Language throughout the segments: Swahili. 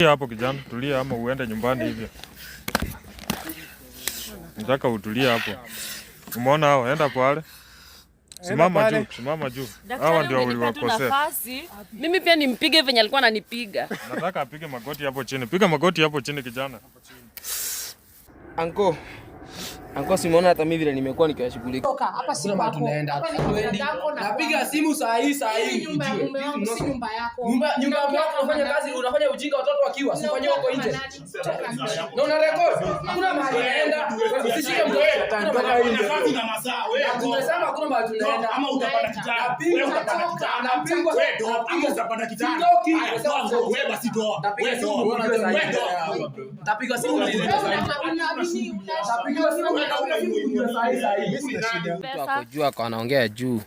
Tulia Hapo kijana, tulia ama uende nyumbani hivyo. Nataka utulie hapo. Umeona hao, enda pale. Simama juu, simama juu. Hawa ndio waliwakosea. Mimi pia nimpige venye alikuwa ananipiga. Nataka apige magoti hapo chini. Piga magoti hapo chini kijana. Anko. Anko simeona hata mimi vile nimekuwa nikiwashughulika. Toka hapa si kwako. Tunaenda. Napiga simu saa hii saa hii. Nyumba si nyumba yako. Nyumba nyumba yako unafanya kazi unafanya ujinga watoto wakiwa. Sifanye huko nje. Na una record. Kuna mahali unaenda. Usishike mtu mkono. Tunataka hii. Kazi na masaa wewe. Tunasema kuna mahali tunaenda. Ama utapanda kitanda. Wewe utapanda kitanda. Napigwa. Wewe ndio Ama utapanda kitanda. Wewe basi ndio. Wewe ndio. Wewe doa. Tapiga simu. Tapiga simu. Jua anaongea juu.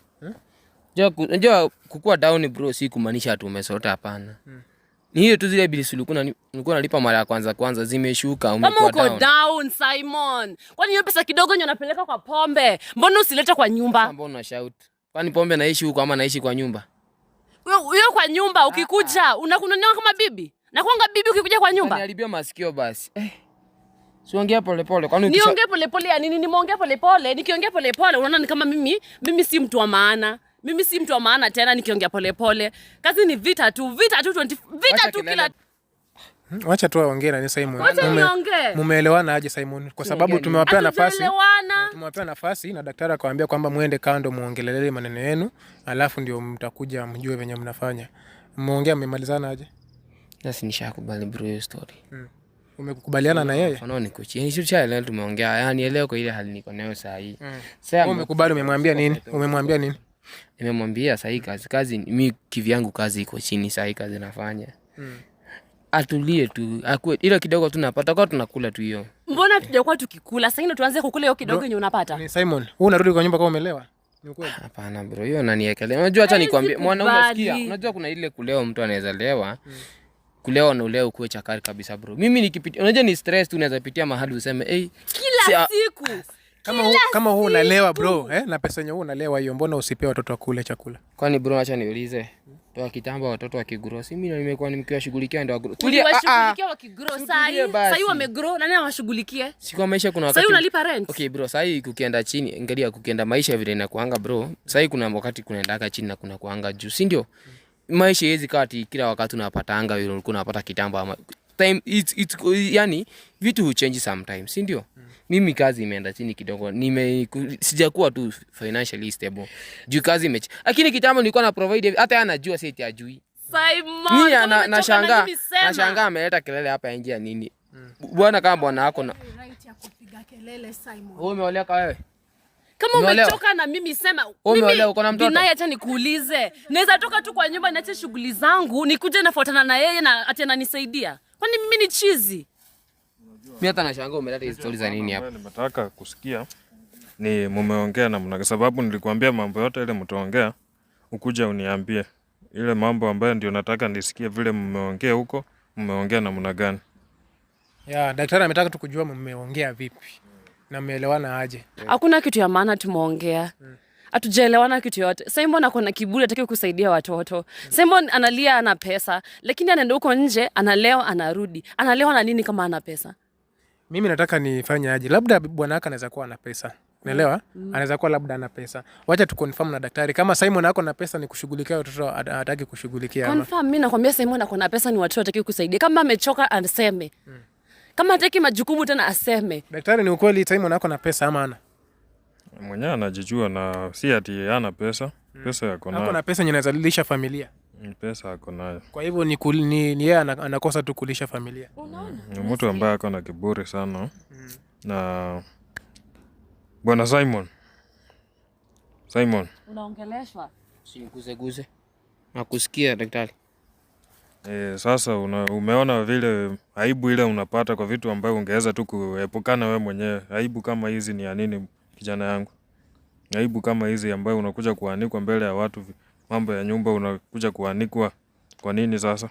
Unajua kukua down bro, si kumaanisha tu umesota, hapana. Hmm. Ni hiyo tu, zile bills ulikuwa nalipa mara ya kwanza kwanza zimeshuka, umekuwa down. Kama uko down Simon, kwani hiyo pesa kidogo nyo napeleka kwa pombe, mbona usileta kwa nyumba? Ah, mbona unashout? Kwani pombe naishi huko ama naishi kwa nyumba? Wewe kwa nyumba ukikuja ah, ah. unakunonea kama bibi. Na kuanga bibi ukikuja kwa nyumba. Niharibia masikio basi. Eh. Siongea polepole. Kwani niongee polepole ya nini? Nimeongea polepole. Nikiongea polepole unaona ni kama mimi mimi si mtu wa maana. Mimi si mtu wa maana tena nikiongea polepole. Kazi ni vita tu, vita tu 20 vita tu kila hmm, Wacha tu aongee na ni Simon. Mumeelewana aje Simon? Kwa sababu tumewapea nafasi. Tumewapea nafasi na daktari akawaambia kwamba muende kando muongelelele maneno yenu, alafu ndio mtakuja mjue venye mnafanya. Mmeongea mmemalizana aje? Sasa nishakubali bro hiyo story. Hmm. Umekubaliana na yeye? ni niko yani Sio cha leo tumeongea. yani leo kwa ile hali niko nayo saa hii. Mm. Sasa umekubali, umemwambia nini? Umemwambia nini? Nimemwambia saa hii kazi kazi mimi kivyangu kazi iko chini saa hii kazi nafanya. Mm. Atulie tu. Akue ile kidogo tu napata kwa tunakula tu hiyo. Mbona tujakuwa tukikula? Sasa hivi tuanze kukula hiyo kidogo yenye unapata. Ni Simon, wewe unarudi kwa nyumba kama umelewa? Hapana bro, hiyo unaniekelea. Unajua acha nikwambie mwanaume, sikia. Unajua kuna ile kuleo mtu anaweza lewa. Mm kulewa na ulewa ukuwe chakari kabisa bro. Mimi nikipitia, unajua ni stress tu, unaweza pitia mahali useme hey, kila siku kama hu, kama huu unalewa bro eh, na pesa yenyewe huu unalewa hiyo, mbona usipea watoto wa kule chakula? Kwani bro, acha niulize toa kitambo, watoto wa wakigrow, si mimi nimekuwa shughulikia ndio wagrow. Tulia, washughulikia wakigrow. Sasa hii sasa hii na nani awashughulikie? Si kwa maisha kuna wakati sasa unalipa rent. Okay bro, sasa hii kukienda chini, angalia kukienda maisha vile inakuanga bro. Sasa kuna wakati kunaendaka chini na kuna kuanga juu, si ndio? hmm maisha hizi kati kila wakati unapatanga hilo ulikuwa unapata kitambo ama time it, it, yani vitu huchange sometimes, si ndio? Mm. Mimi kazi imeenda chini kidogo, nime sijakuwa tu financially stable juu kazi imechi, lakini kitambo nilikuwa na provide hata anajua si eti ajui mimi na nashangaa nashangaa ameleta kelele hapa nje ya nini? Mm. Bwana kama bwana wako na right ya kupiga kelele Simon. Wewe umeoleka wewe? Kama umechoka na mimi sema, mimi acha nikuulize, naweza toka tu kwa nyumba niache shughuli zangu nikuje nafuatana na yeye na ati ananisaidia. Kwani mimi ni chizi? Mimi hata nashangaa umeleta hizo stories za nini hapa? Nimetaka kusikia ni mumeongea namna, kwa sababu nilikuambia mambo yote ile mtaongea, ukuja uniambie ile mambo ambayo ndio nataka nisikie, vile mmeongea huko, mmeongea namna gani? Ya, daktari ametaka tukujua mmeongea vipi na mmeelewana aje? Hakuna kitu ya maana tumeongea mm. Hatujaelewana kitu yote. Simon ako na kiburi, ataki kusaidia watoto. Simon analia ana pesa, lakini anaenda huko nje analewa, anarudi analewa na nini kama ana pesa? Mimi nataka nifanye aje? Labda bwana wake anaweza kuwa ana pesa, naelewa mm. mm. anaweza kuwa labda ana pesa. Wacha tu confirm na daktari kama Simon ako na pesa ni kushughulikia watoto, hataki kushughulikia. Confirm, mimi nakwambia Simon ako na pesa, ni watoto ataki kusaidia. Kama amechoka aseme. mm. Kama ataki majukumu tena aseme. Daktari, ni ukweli Timon ako na pesa ama ana? Mwenyewe anajijua na si ati ana pesa. Mm. Pesa yako na Ako na pesa nyenye inazalisha familia. Mm, pesa ako nayo. Kwa hivyo ni ni, ni yeye anakosa tu kulisha familia. Unaona? Ni mtu ambaye ako na kiburi sana. Mm. Na Bwana Simon. Simon. Unaongeleshwa? guze guze. Nakusikia daktari. E, Sasa una, umeona vile aibu ile unapata kwa vitu ambayo ungeweza tu kuepukana we mwenyewe aibu kama hizi ni ya nini kijana yangu aibu kama hizi ambayo unakuja kuanikwa mbele ya watu mambo ya nyumba unakuja kuanikwa kwa nini sasa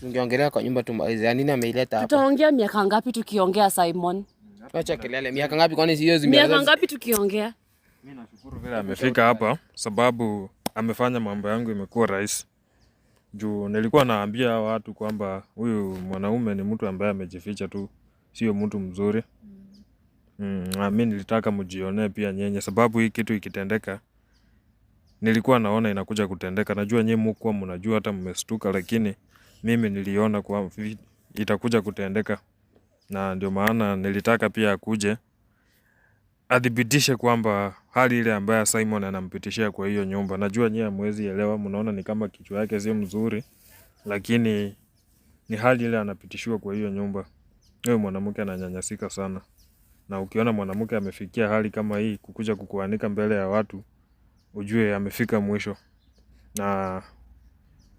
tungeongelea kwa nyumba tumalize ya nini ameileta hapa tutaongea miaka ngapi tukiongea Simon acha kelele miaka ngapi kwani zimeanza? miaka ngapi tukiongea mimi nashukuru vile amefika hapa sababu amefanya mambo yangu imekuwa rahisi juu nilikuwa naambia watu kwamba huyu mwanaume ni mtu ambaye amejificha tu, sio mtu mzuri. Mm, mi nilitaka mjionee pia nyenye, sababu hii kitu ikitendeka, nilikuwa naona inakuja kutendeka. Najua nyinyi mkuwa mnajua hata mmestuka, lakini mimi niliona kwa itakuja kutendeka, na ndio maana nilitaka pia akuje adhibitishe kwamba hali ile ambayo Simon anampitishia kwa hiyo nyumba. Najua nyie hamwezi elewa, mnaona ni kama kichwa yake sio mzuri, lakini ni hali ile anapitishiwa kwa hiyo nyumba. Huyo mwanamke ananyanyasika sana, na ukiona mwanamke amefikia hali kama hii, kukuja kukuanika mbele ya watu, ujue amefika mwisho. Na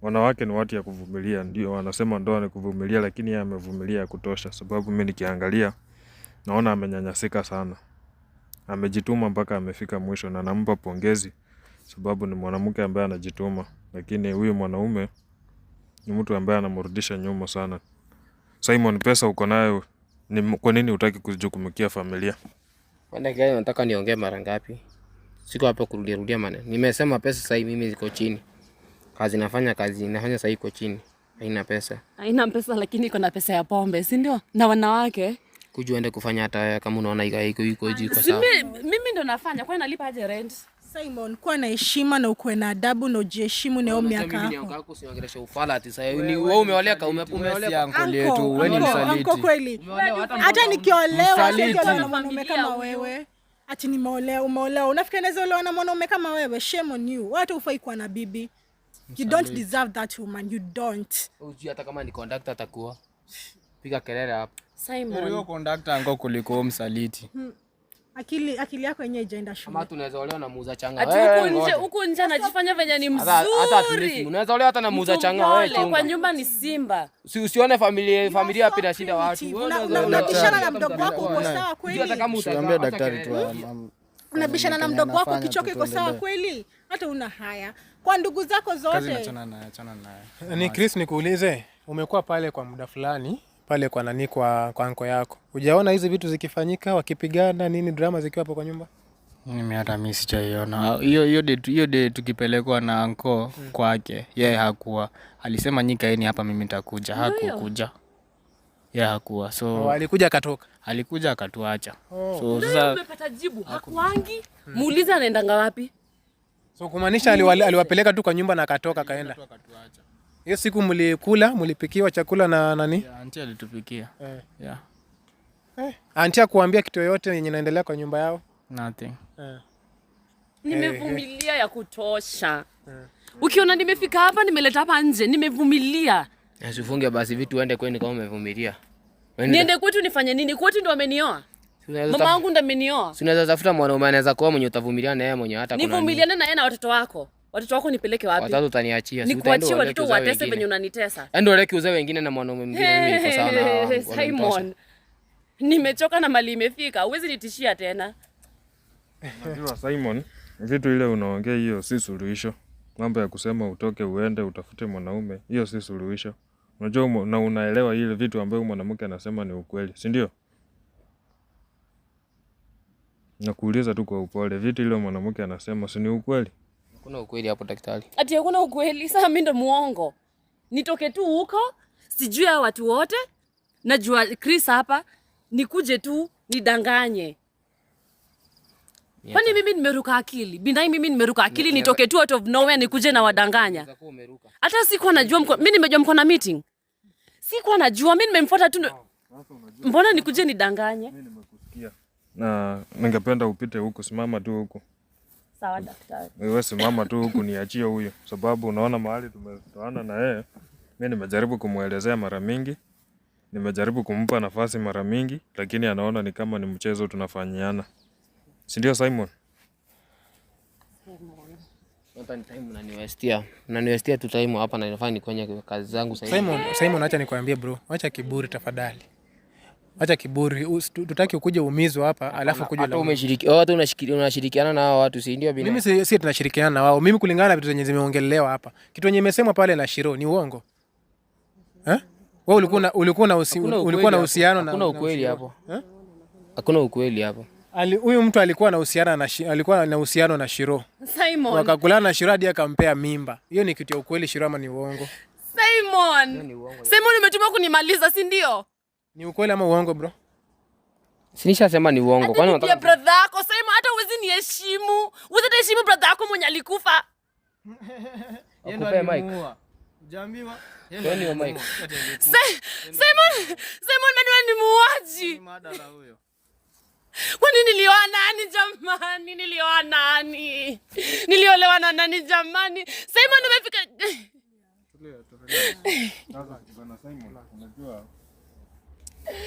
wanawake ni watu ya kuvumilia, ndio wanasema ndoa ni kuvumilia, lakini yeye amevumilia ya kutosha, sababu mimi nikiangalia naona amenyanyasika sana amejituma mpaka amefika mwisho na nampa pongezi sababu ni mwanamke ambaye anajituma lakini huyu mwanaume ni mtu ambaye anamrudisha nyuma sana. Simon, pesa uko nayo, ni kwa nini hutaki kujukumikia familia? gani nataka niongee mara ngapi? Siko hapa kurudia rudia maneno. Nimesema pesa sasa mimi ziko chini. Kazi nafanya kazi nafanya sasa iko chini. Haina pesa. Haina pesa lakini iko na pesa ya pombe, si ndio? Na wanawake kuja uende kufanya hata kama unaona iko iko iko sawa. Mimi ndo nafanya, kwa nalipa aje rent? Simon, kuwa na heshima na ukuwe na adabu na ujiheshimu na miaka yako. usiongeleshe ufala ati sasa ni ni wewe wewe msaliti Kweli hata nikiolewa na mwanaume kama wewe ati nimeolewa, umeolewa, unafikiri naweza olewa na mwanaume kama wewe? Shame on you. Hata ufai kuwa na bibi. You don't deserve that woman. You don't. Hata kama ni conductor atakuwa piga kelele hapo Simon. Kondakta ango kuliko msaliti. Hmm. Akili, akili yako yenyewe ijaenda shule. Ama tunaweza olewa na muuza changa. Ati huko nje, huko nje anajifanya venye ni mzuri. olewa hata na muuza changa wewe Kwa nyumba ni simba. Si usione familia familia shida watu. Unabishana na mdogo wako uko sawa kweli? Hata kama utaambia daktari tu. Um, unabishana na mdogo wako kichoko iko sawa kweli? Hata una haya. Kwa ndugu zako zote. Kazi Ni Chris nikuulize, umekuwa pale kwa muda fulani pale kwa nani, kwa kwa anko yako. Hujaona hizi vitu zikifanyika, wakipigana nini, drama zikiwa hapo kwa nyumba? Mimi hata mimi sijaiona hiyo hiyo de hiyo de tukipelekwa na anko hmm. kwake yeye hakuwa, alisema nyika yeni hapa, mimi nitakuja, hakukuja yeye hakuwa, so o, oh, alikuja akatoka, alikuja akatuacha. Oh. So sasa umepata jibu, hakuangi hmm. muulize anaenda ngapi? So kumaanisha aliwapeleka tu kwa nyumba na akatoka kaenda. Hiyo siku mlikula, mlipikiwa chakula na nani? Yeah, anti alitupikia. Eh. Yeah. Eh, anti akuambia kitu yoyote yenye inaendelea kwa nyumba yao? Nothing. Eh. Nimevumilia ya kutosha. Eh. Ukiona nimefika hapa nimeleta hapa nje, nimevumilia. Asifunge basi vitu uende kwenu kama umevumilia. Niende kwetu nifanye nini? Kwetu ndo amenioa. Mama wangu ndo amenioa. Si unaweza tafuta mwanaume anaweza kuwa mwenye utavumilia na yeye mwenye hata kuna. Nivumiliane na yeye na watoto wako watoto wako nipeleke wapi? Wazazi utaniachia. Nikuachie watoto watese venye unanitesa. Yaani ndio wale uze wengine na mwanaume mwingine niko sana. Simon. Nimechoka na mali imefika. Huwezi nitishia tena. Najua Simon, vitu ile unaongea hiyo si suluhisho. Mambo ya kusema utoke uende utafute mwanaume, hiyo si suluhisho. Unajua umo, na unaelewa ile vitu ambayo mwanamke anasema ni ukweli, si ndio? Nakuuliza tu kwa upole, vitu ile mwanamke anasema si ni ukweli? Kuna ukweli hapo daktari? Ati hakuna ukweli. Sasa mimi ndo muongo nitoke tu huko, sijui hao watu wote, najua Chris hapa, nikuje tu nidanganye. Kwani mimi nimeruka akili? Binai mimi nimeruka akili nitoke tu out of nowhere nikuje na wadanganya. Hata sikuwa najua mko mimi nimejua mko na meeting. Sikuwa najua mimi nimemfuata tu. Mbona nikuje nidanganye? Mimi nimekusikia. Na ningependa upite huko, simama tu huko. Sawa daktari. Wewe simama tu huku niachie huyo, sababu unaona mahali tumetoana na yeye. Mimi nimejaribu kumwelezea mara mingi, nimejaribu kumpa nafasi mara mingi, lakini anaona ni kama ni mchezo tunafanyiana, si ndio Simon? Simon, acha nikwambie bro, acha kiburi tafadhali. Acha kiburi, tutaki ukuje uumizwe hapa alafu kuja hata umeshiriki. au oh, Watu unashirikiana na hao watu si ndio bina? Mimi si, tunashirikiana na wao. Mimi kulingana na vitu zenye zimeongelewa hapa, kitu yenye imesemwa pale na Shiro ni uongo eh? Wewe ulikuwa ulikuwa na ulikuwa na uhusiano na, hakuna ukweli hapo eh? Hakuna ukweli hapo. ali Huyu mtu alikuwa na uhusiano na alikuwa na uhusiano na Shiro. Simon. Wakakulana na Shiro hadi akampea mimba. Hiyo ni kitu ya ukweli Shiro ama ni uongo? Simon. Simon umetumwa kunimaliza si ndio? Ni ukweli ama uongo bro? Sinisha sema ni uongo. Kwani unataka brother yako sema hata uwezi ni niheshimu. Uwezi heshimu brother yako mwenye alikufa. Yeye ndo alimuua. Jambiwa. Yeye ndo Mike. Simon, Simon Manuel ni muaji. muuaji. Madala huyo. Kwani nilioa nani jamani? Nilioa nani? Niliolewa na nani jamani? Simon umefika. Tulia, tulia. Sasa bwana Simon, unajua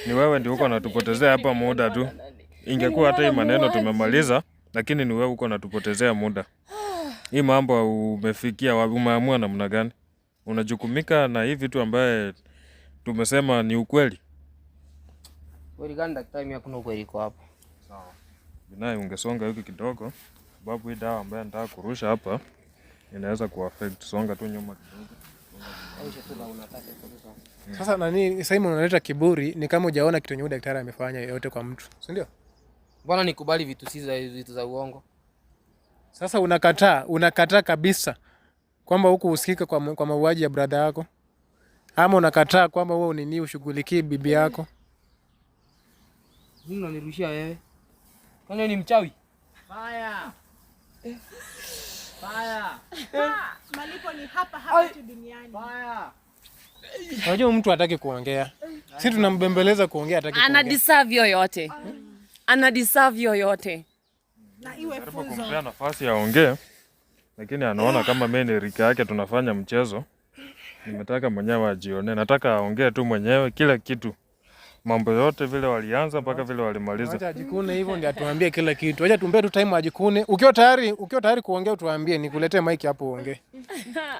ni wewe ndio uko natupotezea hapa muda tu. Ingekuwa hata hii maneno tumemaliza, lakini ni wewe uko natupotezea muda. Hii mambo umefikia, wapi? umeamua namna gani? Unajukumika na hii vitu ambaye tumesema ni ukweli? Kweli gani daktari, mimi hakuna ukweli kwa hapo. Sawa. Binai ungesonga huko kidogo, sababu hii dawa ambayo nataka kurusha hapa inaweza kuaffect. Songa tu nyuma kidogo. Sasa nani Simon unaleta kiburi, ni kama ujaona kitu nyeupe daktari amefanya yote kwa mtu, si ndio? Mbona nikubali vitu si za vitu za uongo? Sasa unakataa, unakataa kabisa kwamba huku usikika kwa, kwa mauaji ya brada yako, ama unakataa kwamba wewe unini ushughulikie bibi yako? nanirushia wewe. Kwani ni mchawi? Haya. Eh. Eh. Malipo ni hapa hapa Unajua mtu hataki kuongea, si tunambembeleza kuongea, hataki kuongea. Ana deserve yoyote, ana deserve yoyote. Na iwe funzo, kumpea nafasi aongee, lakini anaona ah. kama mimi ni rika yake, tunafanya mchezo. Nimetaka mwenyewe ajione, nataka aongee tu mwenyewe kila kitu mambo yote vile walianza mpaka vile walimaliza. Acha ajikune hivyo ndio atuambie kila kitu. Acha tumpe tu time ajikune. Ukiwa tayari, ukiwa tayari kuongea utuambie, nikuletee mic hapo uongee.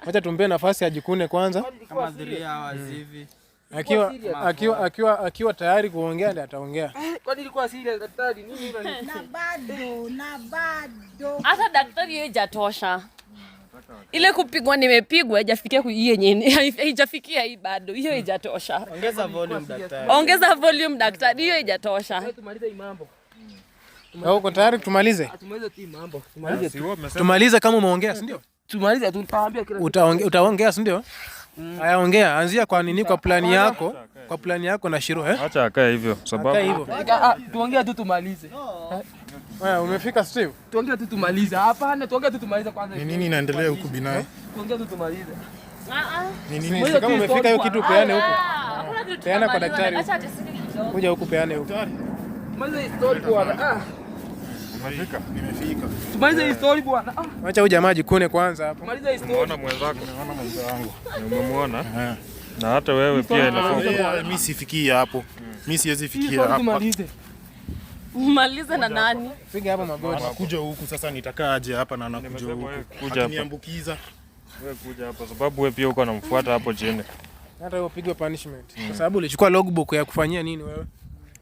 Acha tumpe nafasi ajikune kwanza. Kama 3 hours hivi. Akiwa akiwa akiwa akiwa tayari kuongea ndio ataongea. Kwani ilikuwa serious daktari, nini Na bado, na bado. Hata daktari yeye jatosha ile kupigwa nimepigwa haijafikia yenye haijafikia hii bado, hiyo hmm. haijatosha. Ongeza volume daktari, hiyo haijatosha. Uko tayari tumalize? Ah, tumalize kama umeongea, si ndio? Tumalize, utaongea si ndio? Hmm. Haya, ongea, anzia kwa nini, kwa plani yako, kwa plani yako na Shiro eh? Acha hivyo sababu ah, tuongea tu tumalize. Eh? Wewe umefika Steve? Tuongee tu tumalize. Hapana, tuongee tu tumalize kwanza. Ni nini inaendelea huku binaye? Tuongee tu tumalize. Ah ah. Ni nini? Kama umefika hiyo kitu peane ah, huko. Peana kwa daktari. Acha Kuja huku peane huko. story Ah. Umefika? Nimefika. Tumalize hii story bwana. Ah. Acha huyu jamaa jikune kwanza hapo. Tumalize hii story. Unaona mwenzako? Unaona mwenzangu. Umemwona? Eh. Na hata wewe pia inafaa. Mimi sifikii hapo. Hmm. Mimi siwezi fikia hapo. Tumalize. Mmalize na nani? Piga hapo magoti. Anakuja huku sasa, nitakaa aje hapa na anakuja huku. Kuja hapa. Niambukiza. Wewe kuja hapa sababu wewe pia uko unamfuata hapo chini. Hata wewe upigwe punishment. Hmm. Kwa sababu ulichukua logbook ya kufanyia nini wewe?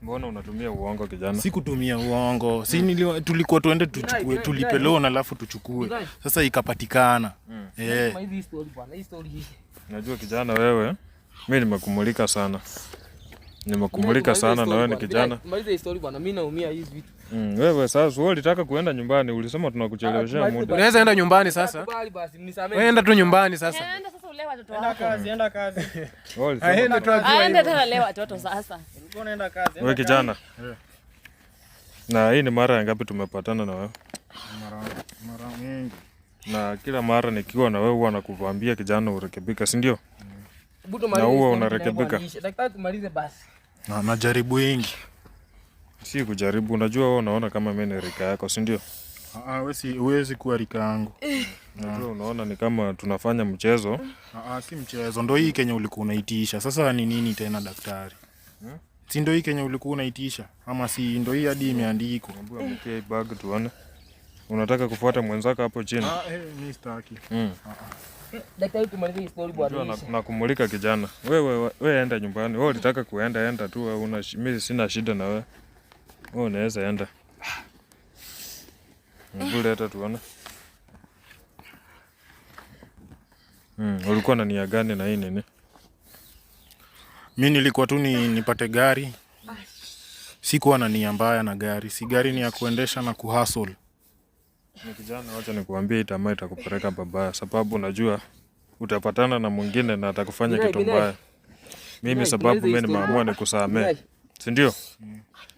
Mbona unatumia uongo kijana? Sikutumia uongo. Si nili tulikuwa tuende tuchukue tulipe loan alafu tuchukue. Sasa ikapatikana. Hmm. Eh. Najua kijana wewe. Mimi nimekumulika sana. Nimekumulika sana na wewe ni kijana. Maliza story bwana, mimi naumia hizi vitu. Mm, wewe sasa wewe ulitaka kuenda nyumbani, ulisema tunakucheleweshea ah, muda. Unaweza enda nyumbani sasa. Wewe enda tu nyumbani sasa. Eh, enda sasa watoto wako. Enda kazi, enda kazi. tu watoto sasa. Ulikuwa unaenda kazi. Wewe kijana. Eh. Na hii ni mara ya ngapi tumepatana na wewe? Mara mara mingi. Na kila mara nikiwa na wewe huwa nakuvambia kijana, urekebika, si ndio? Mm na huo unarekebika. Na najaribu wengi, si kujaribu. Unajua wewe unaona kama mimi ni rika yako, si ndio? Ah, ah, huwezi kuwa rika yangu. Eh. Unajua, unaona ni kama tunafanya mchezo. Aa, ah, si mchezo, ndo hii Kenya ulikuwa unaitisha. Sasa ni nini tena daktari? Hmm? Si ndo hii Kenya ulikuwa unaitisha, ama si ndo hii hadi imeandikwa. Mkei bag tuone, unataka kufuata mwenzako hapo chini? Ah, eh, mimi sitaki. Hmm. Daktari, tumalize story bwana. Nakumulika kijana, wewe wewe, enda nyumbani. Wewe ulitaka kuenda, enda tu. Una mimi sina shida na wewe, wewe unaweza enda. Mbule hata tuone. Mm, ulikuwa na nia gani na hii nini? Mi nilikuwa tu ni, nipate gari. Sikuwa na nia mbaya na gari, si gari ni ya kuendesha na kuhustle ni kijana, wacha nikuambie, hii tamaa itakupeleka babaya, sababu unajua utapatana na mwingine na atakufanya kitu mbaya. Mimi sababu mimi nimeamua nikusamee, si ndio?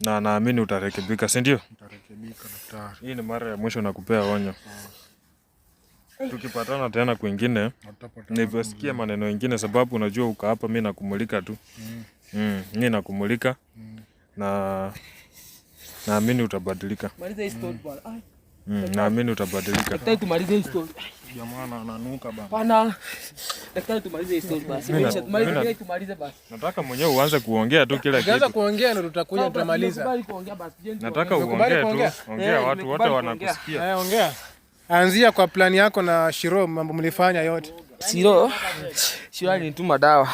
Na naamini utarekebika, si ndio? Utarekebika daktari. Hii ni mara ya mwisho nakupea onyo. Tukipatana tena kwingine nivyosikia maneno ingine, sababu unajua uka hapa, mimi nakumulika tu mm. Mm, mimi nakumulika mm. na naamini utabadilika mm. Mm, naamini utabadilika. Daktari, tumalize hii story. Jamaa ananuka bana. Bana. Daktari, tumalize hii story basi. Mimi Tumalize hii, tumalize basi. Nataka mwenyewe uanze kuongea tu kila kitu. Ukianza kuongea ndio tutakuja tutamaliza. kuongea basi. Nataka uongee tu. Ongea, eh, watu wote wanakusikia. Eh, ongea. Anzia kwa plani yako na Shiro, mambo mlifanya yote. Shiro. Shiro alinituma dawa.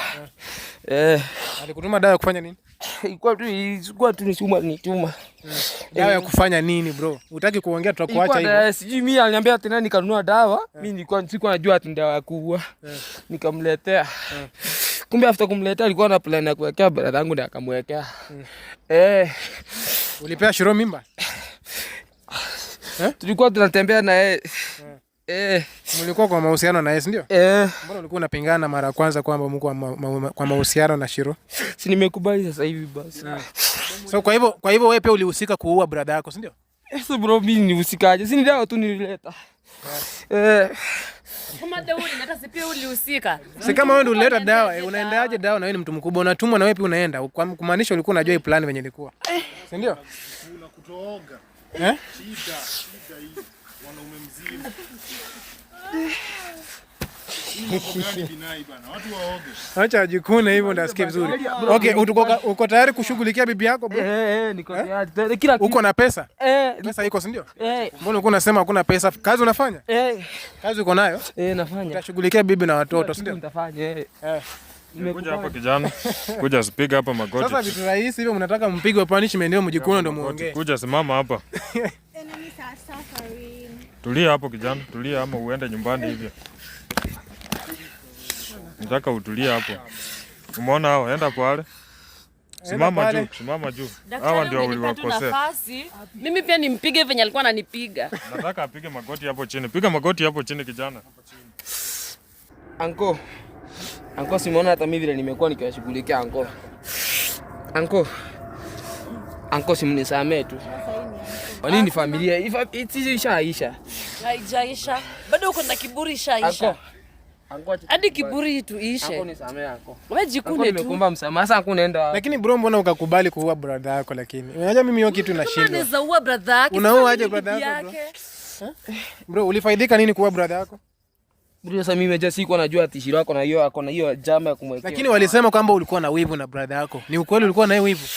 Eh. Alikutuma dawa kufanya nini? ilikuwa tu ilikuwa tu nituma nituma. Hmm. Dawa ya kufanya nini bro? Utaki kuongea tutakuacha hivyo. Sijui mimi aliniambia tena nikanunua dawa. yeah. Hmm. Mimi nilikuwa sikuwa najua ati dawa ya kuua. yeah. Hmm. Nikamletea. yeah. Kumbe after kumletea alikuwa na plan ya kuwekea brada yangu ndio akamwekea. yeah. Eh. Ulipea Shiro mimba? eh? Tulikuwa tunatembea na yeye. eh. yeah. Eh, mlikuwa kwa mahusiano na yeye ndio? Eh. Mbona ulikuwa unapingana mara ya kwanza kwamba mko kwa mahusiano na Shiro? Si nimekubali sasa hivi basi. Eh. So kwa hivyo kwa hivyo wewe pia ulihusika kuua brother yako, si ndio? Eh, so bro mimi nihusikaje? Si ni dawa tu nilileta. Eh. Kama dawa ni hata si pia ulihusika. Si kama wewe ndio ulileta dawa, unaendaje dawa na wewe ni mtu mkubwa, unatumwa na wewe pia unaenda. Kwa Kumaanisha ulikuwa unajua hii plan venye ilikuwa. Eh. Si ndio? Unakutooga. Eh? Shida, shida hii mwanaume mzima. Acha jikune hivyo ndio ndasikia vizuri. Okay, uko tayari kushughulikia bibi yako eh, eh, Eh, niko eh? tayari. Kila uko na pesa? Eh, pesa iko, si ndio? Eh. Mbona uko unasema hakuna pesa? Kazi unafanya? Eh. Kazi uko nayo? Eh, nafanya. Utashughulikia bibi na watoto, si ndio? Nitafanya. Eh. eh. Nimekuja hapa kijana. Kuja usipiga hapa magoti. Sasa vitu rahisi hivyo mnataka mpigwe punishment ndio mjikuna ndio muongee. Kuja simama hapa. sasa sorry. Tulia hapo kijana, tulia ama uende nyumbani hivyo. Nataka utulie hapo. Umeona hao, enda pale. Simama juu, simama juu. Hawa ndio uliwakosea. Mimi pia nimpige venye alikuwa ananipiga. Nataka apige magoti hapo chini. Piga magoti hapo chini kijana. Anko. Anko, simeona hata mimi vile nimekuwa nikiwashughulikia anko. Anko. Anko, simnisamee tu. Kwa nini familia? Sisi ishaisha haijaisha bado, uko na kiburi ishaisha hadi kiburi tu ishe, wejikune tu. Lakini bro, mbona ukakubali kuua brother yako? Lakini unajua mimi hiyo kitu nashindwa. Unaua brother yako, unaua aje brother yako bro? Ulifaidika nini kuua brother yako? Bro, Sasa mimi aja sikuwa najua tishiro yako na hiyo ako na hiyo jama ya kumwekea. Lakini walisema kwamba ulikuwa na wivu na brother yako, ni ukweli? Ulikuwa na wivu?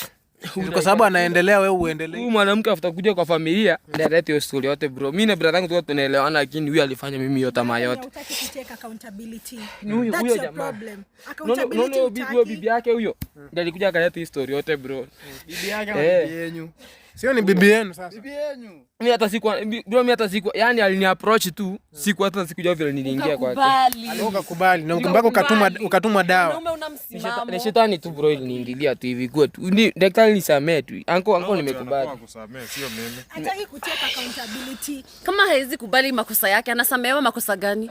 kwa sababu anaendelea, wewe uendelee. Huyu mwanamke kuja kwa familia ndio ataleta hiyo story yote bro. Mimi na brother yangu tulikuwa tunaelewana, lakini huyu alifanya mimi hiyo tamaa yote. Yaani huyo jamaa bibi yake huyo ndio alikuja akaleta hiyo story yote bro. Bibi yake eh. yenyu Sio ni bibi yenu sasa. Bibi yenu. Mimi hata siku bro, mimi hata siku yani alini approach tu, hmm. siku hata sikujua vile niliingia kwake. Ukakubali. Na mpaka ukatuma ukatuma dawa. Mume una Ni shetani tu bro, ili niingilia tu hivi kwa Ni daktari nisamee tu. Anko anko nimekubali. Anakusamea sio mimi. Hataki kucheka accountability. Kama hawezi kubali makosa yake, anasamehewa makosa gani?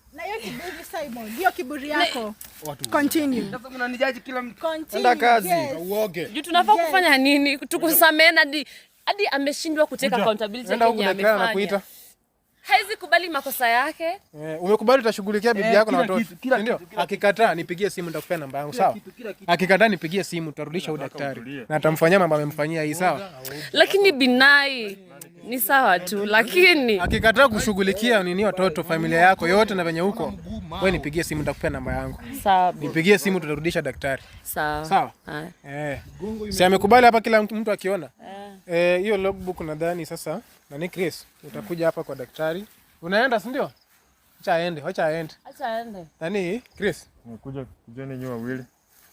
Na hiyo kiburi Simon, hiyo kiburi yako. Continue. Sasa mnanijaji kila mtu. Enda kazi. Uoge. Juu tunafaa kufanya nini? Tukusamee hadi hadi ameshindwa kuteka accountability yake. Enda huko na kuita haizi kubali makosa yake. Eh, umekubali utashughulikia bibi eh, yako na watoto. Ndio. Akikataa nipigie simu nitakupea namba yangu, sawa? Akikataa nipigie simu tutarudisha huyo daktari. Na atamfanyia mambo amemfanyia hii, sawa? Lakini Binai ni sawa tu, lakini akikataa kushughulikia nini watoto, familia yako yote na venye huko. Wewe nipigie simu nitakupea namba yangu. Sawa. Nipigie simu tutarudisha daktari. Sawa. Sawa? Eh. Si amekubali hapa kila mtu akiona. Eh, eh hiyo logbook nadhani sasa nani Chris, utakuja hapa kwa daktari. Unaenda si ndio? Acha aende, acha aende. Acha aende. Nani Chris? Nimekuja kujeni nyua wili.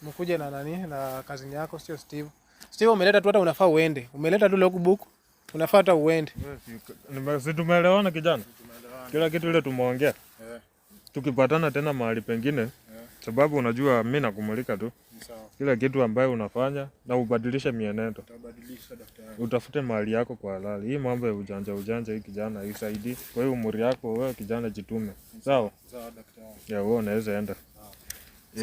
Nimekuja na nani na kazini yako sio Steve. Steve umeleta tu hata unafaa uende. Umeleta tu logbook. Unafaa hata uende. Sisi tumeelewana kijana. Kila kitu ile tumeongea. Eh. Tukipatana tena mahali pengine, eh. sababu unajua mimi nakumulika tu kila kitu ambayo unafanya na ubadilishe mienendo, utafute mahali yako kwa halali. Hii mambo ya ujanja ujanja hii kijana isaidi. Kwa hiyo umri yako wewe kijana jitume, sawa ya wewe unaweza enda eh,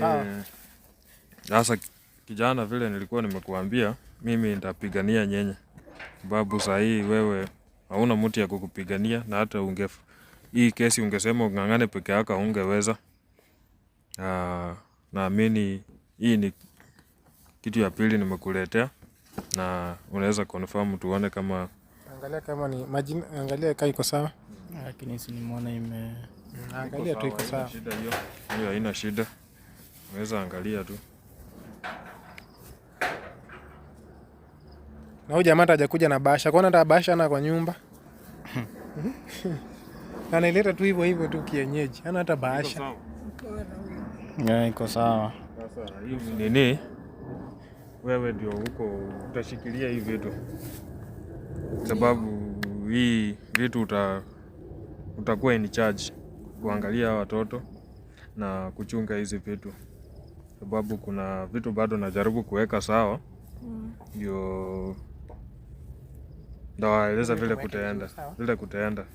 sasa. E, kijana, vile nilikuwa nimekuambia mimi nitapigania nyenye, sababu saa hii wewe hauna mtu ya kukupigania, na hata unge hii kesi ungesema ung'ang'ane peke yako ungeweza. Ah, naamini hii ni kitu ya pili nimekuletea na unaweza confirm tuone kama angalia kama ni majini, angalia kama iko sawa, hmm. lakini si nimeona ime hmm, angalia tu iko sawa. hiyo hiyo, haina shida, unaweza angalia tu. Na huyu jamaa atajakuja na bahasha, kwaona hata bahasha ana kwa nyumba anaileta tu hivyo hivyo tu kienyeji, ana hata bahasha. Eh, iko sawa sana hivi nini, wewe ndio huko utashikilia hii vitu, sababu hii vitu uta, utakuwa in charge kuangalia watoto na kuchunga hizi vitu, sababu kuna vitu bado najaribu kuweka sawa ndio mm. Ndawaeleza vile kutaenda, vile kutaenda,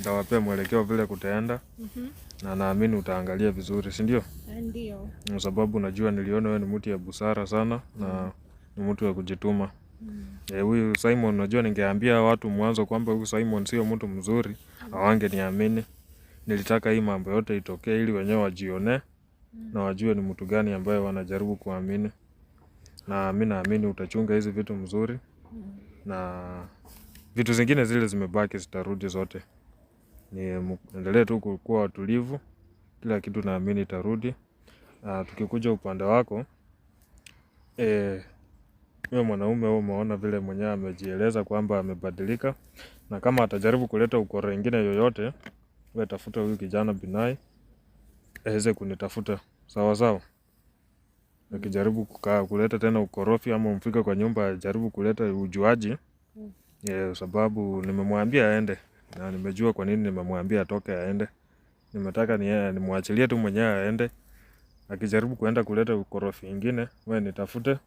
ndawapea mwelekeo vile kutaenda mm -hmm na naamini utaangalia vizuri, si ndio? Ndio. Kwa sababu najua niliona wewe ni mtu ya busara sana na ni mtu wa kujituma. Mm. Eh, huyu mm. E, Simon najua ningeambia watu mwanzo kwamba huyu Simon sio mtu mzuri, mm. hawangeniamini. Nilitaka hii mambo yote itokee ili wenyewe wajione mm. na wajue ni mtu gani ambaye wanajaribu kuamini. Na mimi naamini utachunga hizi vitu mzuri mm. na vitu zingine zile zimebaki zitarudi zote ni endelee tu kuwa watulivu, kila kitu naamini itarudi. Na tukikuja upande wako e, huyo mwanaume huyo umeona vile mwenyewe amejieleza kwamba amebadilika, na kama atajaribu kuleta ukora ingine yoyote, we tafuta huyu kijana Binai aweze kunitafuta sawa sawa. Akijaribu kukaa kuleta tena ukorofi ama umfike kwa nyumba ajaribu kuleta ujuaji, mm. e, sababu nimemwambia aende na nimejua kwa nini nimemwambia atoke aende. Nimetaka ni eh, nimwachilie tu mwenyewe aende, akijaribu kuenda kuleta ukorofi ingine, we nitafute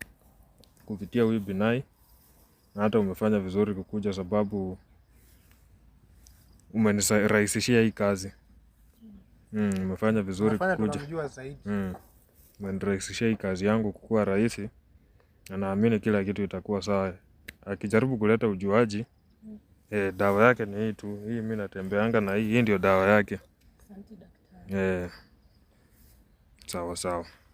kupitia huyu Binai. Na hata umefanya vizuri kukuja, sababu umenirahisishia hii kazi. Mm, umefanya vizuri kukuja. Mm, umenirahisishia hii kazi yangu kukuwa rahisi, na naamini kila kitu itakuwa sawa. Akijaribu kuleta ujuaji E, dawa yake ni hii tu, hii mimi natembeanga na hii, hii ndio dawa yake. Asante daktari. E, sawa sawa.